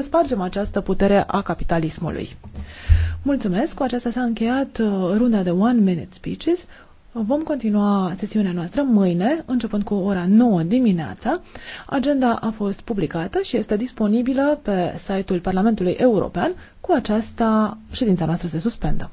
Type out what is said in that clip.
să spargem această putere a capitalismului. Mulțumesc, cu aceasta s-a încheiat uh, runda de One Minute Speeches. Vom continua sesiunea noastră mâine, începând cu ora 9 dimineața. Agenda a fost publicată și este disponibilă pe site-ul Parlamentului European. Cu aceasta, ședința noastră se suspendă.